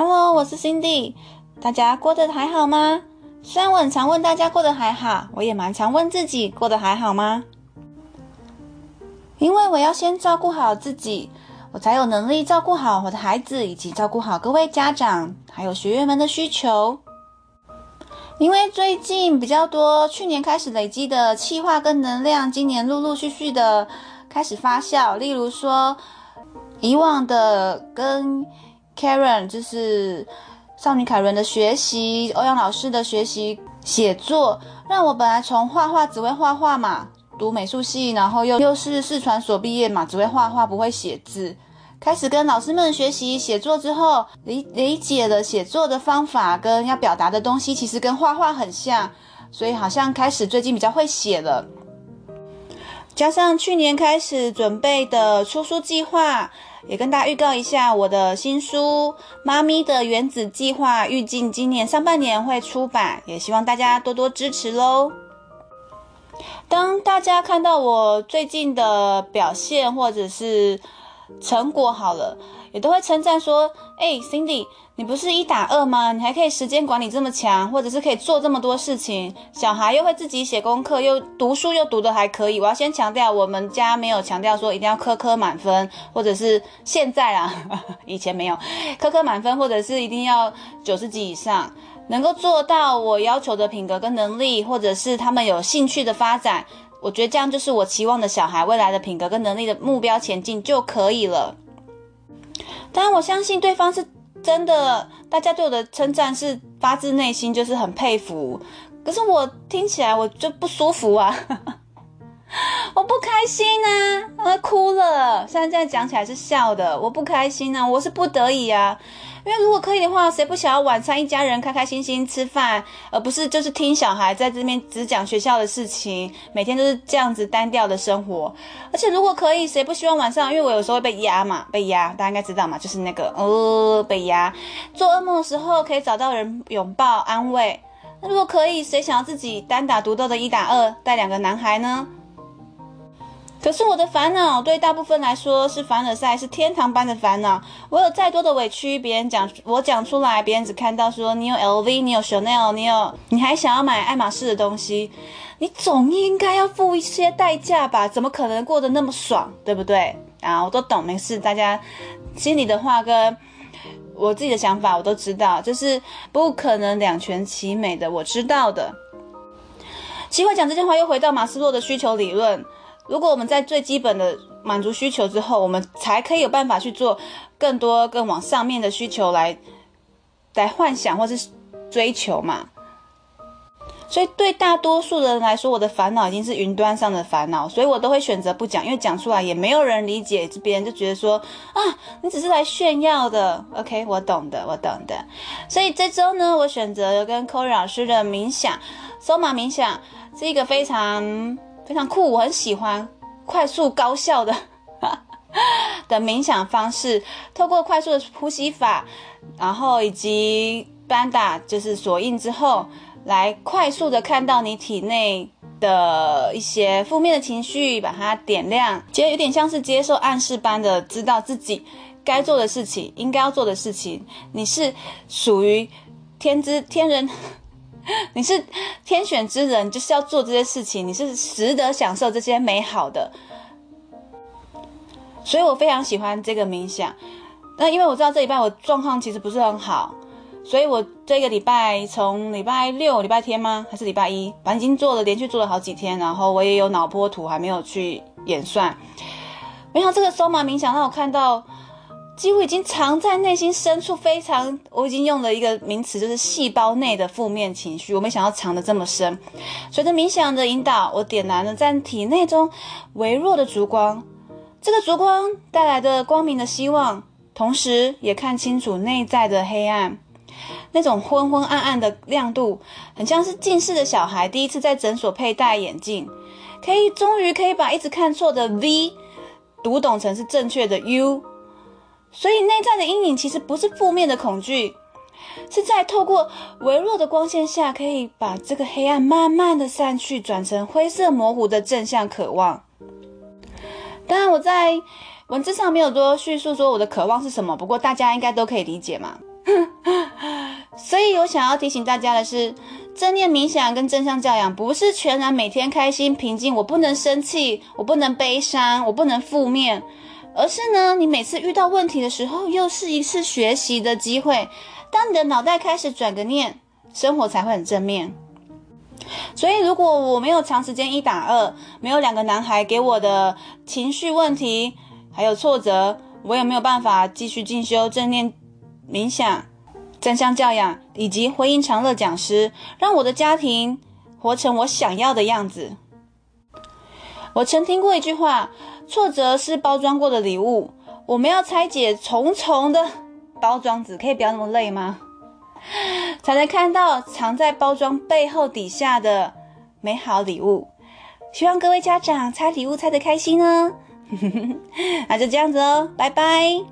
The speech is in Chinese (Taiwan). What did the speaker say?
Hello，我是 Cindy，大家過得還好嗎？雖然我很常問大家過得還好，我也蠻常問自己過得還好嗎？因為我要先照顧好自己，我才有能力照顧好我的孩子，以及照顧好各位家長，還有學員們的需求。因為最近比較多，去年開始累積的氣化跟能量，今年陸陸續續的開始發酵。例如說，以往的跟 Karen 就是少女凱倫的學習，歐陽老師的學習寫作，讓我本來從畫畫只會畫畫嘛，讀美術系，然後又又是視傳所畢業嘛，只會畫畫不會寫字，開始跟老師們學習寫作之後，理理解了寫作的方法跟要表達的東西，其實跟畫畫很像，所以好像開始最近比較會寫了。加上去年開始準備的出書計劃，也跟大家預告一下我的新書《媽咪的原子計劃》，預計今年上半年會出版，也希望大家多多支持咯。當大家看到我最近的表現或者是成果好了。也都會稱讚說：“哎，欸，Cindy，你不是一打二嗎？你還可以時間管理這麼強，或者是可以做這麼多事情。小孩又會自己寫功課，又讀書又讀得還可以。我要先強調，我們家沒有強調說一定要科科滿分，或者是現在啊，呵呵，以前沒有科科滿分，或者是一定要九十幾以上，能夠做到我要求的品格跟能力，或者是他們有興趣的發展。我覺得這樣就是我期望的小孩未來的品格跟能力的目標前進就可以了。”但我相信對方是真的，大家對我的稱讚是發自內心，就是很佩服。可是我聽起來我就不舒服啊， 我不開心啊，我哭了。現在講起來是笑的，我不開心啊，我是不得已啊。因為如果可以的話，誰不想要晚上一家人開開心心吃飯，而不是就是聽小孩在這邊只講學校的事情，每天都是這樣子單調的生活。而且如果可以，誰不希望晚上，因為我有時候會被壓嘛，被壓，大家應該知道嘛，就是那個呃、哦、被壓，做噩夢的時候可以找到人擁抱安慰。那如果可以，誰想要自己單打獨鬥的一打二，帶兩個男孩呢？可是我的煩惱，對大部分來說是凡爾賽，是天堂般的煩惱。我有再多的委屈，別人講我講出來，別人只看到說你有 LV，你有 Chanel，你有，你還想要買愛馬仕的東西，你總應該要付一些代價吧？怎麼可能過得那麼爽，對不對？啊，我都懂，沒事，大家心裡的話跟我自己的想法我都知道，就是不可能兩全其美的，我知道的。奇怪，講這些話又回到馬斯洛的需求理論。如果我們在最基本的滿足需求之後，我們才可以有辦法去做更多、更往上面的需求來來幻想或是追求嘛。所以對大多數的人來說，我的煩惱已經是雲端上的煩惱，所以我都會選擇不講，因為講出來也沒有人理解。這邊就覺得說啊，你只是來炫耀的。OK，我懂的，我懂的。所以這週呢，我選擇跟 Corey 老師的冥想，soma 冥想是一個非常。非常酷，我很喜歡快速高效的 的冥想方式，透過快速的呼吸法，然後以及 banda 就是鎖印之後，來快速的看到你體內的一些負面的情緒，把它點亮，其實有點像是接受暗示般的，知道自己該做的事情，應該要做的事情，你是屬於天之天人。 你是天選之人，就是要做這些事情，你是值得享受這些美好的。所以我非常喜歡這個冥想。那因為我知道這禮拜我狀況其實不是很好，所以我這個禮拜從禮拜六、禮拜天嗎，還是禮拜一，反正已經做了，連續做了好幾天。然後我也有腦波圖，還沒有去演算。沒想到這個 SOMA 冥想讓我看到。幾乎已經藏在內心深處，非常，我已經用了一個名詞，就是細胞內的負面情緒。我沒想到藏得這麼深。隨着冥想的引導，我點燃了在體內中微弱的燭光。這個燭光帶來的光明的希望，同時也看清楚內在的黑暗。那種昏昏暗暗的亮度，很像是近視的小孩第一次在診所佩戴眼鏡，可以終於可以把一直看錯的 V 讀懂成是正確的 U。所以內在的陰影其實不是負面的恐懼，是在透過微弱的光線下，可以把這個黑暗慢慢的散去，轉成灰色模糊的正向渴望。當然我在文字上沒有多敘述說我的渴望是什麼，不過大家應該都可以理解嘛。 所以我想要提醒大家的是，正念冥想跟正向教養不是全然每天開心平靜，我不能生氣，我不能悲傷，我不能負面。而是呢，你每次遇到問題的時候，又是一次學習的機會。當你的腦袋開始轉個念，生活才會很正面。所以，如果我沒有長時間一打二，沒有兩個男孩給我的情緒問題還有挫折，我也沒有辦法繼續進修正念、冥想、正向教養以及婚姻長樂講師，讓我的家庭活成我想要的樣子。我曾聽過一句話：“挫折是包裝過的禮物，我們要拆解重重的包裝紙，可以不要那麼累嗎？才能看到藏在包裝背後底下的美好禮物。希望各位家長拆禮物拆得開心呢、哦。 那就這樣子哦，拜拜。”